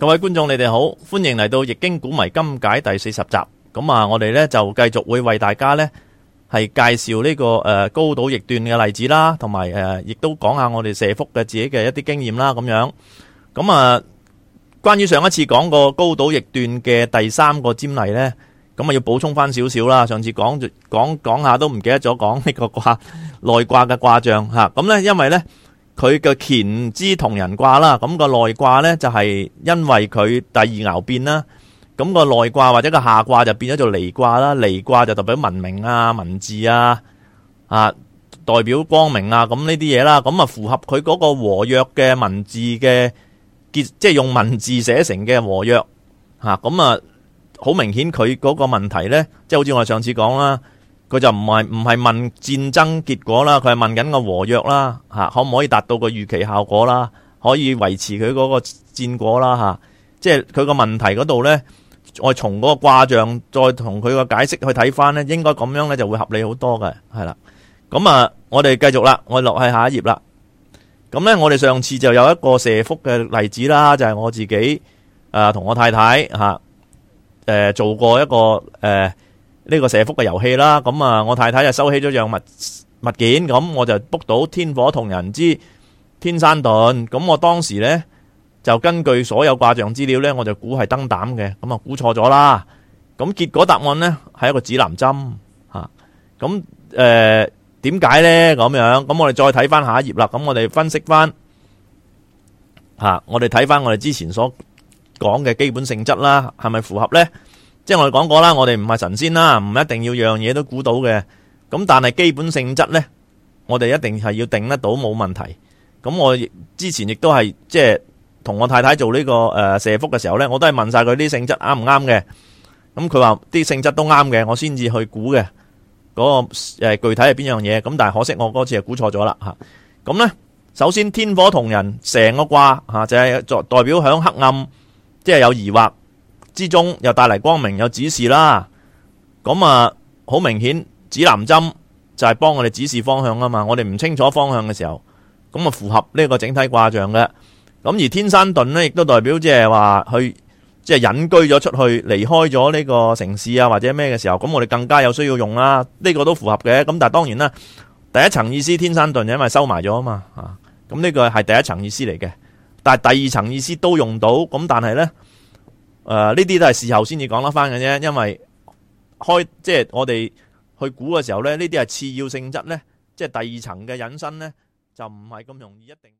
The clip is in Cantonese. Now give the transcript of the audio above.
各位觀眾，你哋好，歡迎嚟到《易經古謎今解》第四十集。咁啊，我哋呢就繼續會為大家呢係介紹呢個誒高島易斷嘅例子啦，同埋誒亦都講下我哋射覆嘅自己嘅一啲經驗啦。咁樣，咁啊，關於上一次講過高島易斷嘅第三個占例呢，咁啊要補充翻少少啦。上次講住講講下都唔記得咗講呢個卦內卦嘅卦象吓，咁呢因為呢。佢嘅乾之同人卦啦，咁個內卦呢，就係因為佢第二爻變啦，咁個內卦或者個下卦就變咗做離卦啦，離卦就代表文明啊、文字啊，啊代表光明啊，咁呢啲嘢啦，咁啊符合佢嗰個和約嘅文字嘅結，即係用文字寫成嘅和約，吓，咁啊好明顯佢嗰個問題呢，即係好似我上次講啦。佢就唔係唔係問戰爭結果啦，佢係問緊個和約啦，吓，可唔可以達到個預期效果啦？可以維持佢嗰個戰果啦？吓，即係佢個問題嗰度呢，我從再從嗰個卦象，再同佢個解釋去睇翻呢，應該咁樣呢就會合理好多嘅，係啦。咁啊，我哋繼續啦，我落去下一頁啦。咁呢，我哋上次就有一個射覆嘅例子啦，就係、是、我自己誒同、呃、我太太吓誒、呃、做過一個誒。呃呢個射覆嘅遊戲啦，咁啊，我太太就收起咗樣物物件，咁我就卜到天火同人之天山遯，咁我當時呢就根據所有卦象資料呢，我就估係燈膽嘅，咁啊估錯咗啦，咁結果答案呢係一個指南針吓，咁誒點解呢咁樣？咁我哋再睇翻下一頁啦，咁我哋分析翻吓，我哋睇翻我哋之前所講嘅基本性質啦，係咪符合呢？即係我哋講過啦，我哋唔係神仙啦，唔一定要樣嘢都估到嘅。咁但係基本性質呢，我哋一定係要定得到冇問題。咁我亦之前亦都係即係同我太太做呢個誒射覆嘅時候呢，我都係問晒佢啲性質啱唔啱嘅。咁佢話啲性質都啱嘅，我先至去估嘅。嗰個誒具體係邊樣嘢？咁但係可惜我嗰次係估錯咗啦吓。咁呢，首先天火同人成個卦吓就係作代表響黑暗，即係有疑惑。之中又帶嚟光明有指示啦，咁啊好明顯，指南針就係幫我哋指示方向啊嘛我哋唔清楚方向嘅時候，咁啊符合呢個整體卦象嘅。咁而天山遁呢，亦都代表即係話去即係隱居咗出去，離開咗呢個城市啊或者咩嘅時候，咁我哋更加有需要用啦，呢個都符合嘅。咁但係當然啦，第一層意思天山遁因為收埋咗啊嘛啊，咁呢個係第一層意思嚟嘅。但係第二層意思都用到，咁但係呢。誒，呢啲，呃、都係事後先至講得翻嘅啫，因為開即係我哋去估嘅時候咧，呢啲係次要性質咧，即係第二層嘅引申咧，就唔係咁容易一定。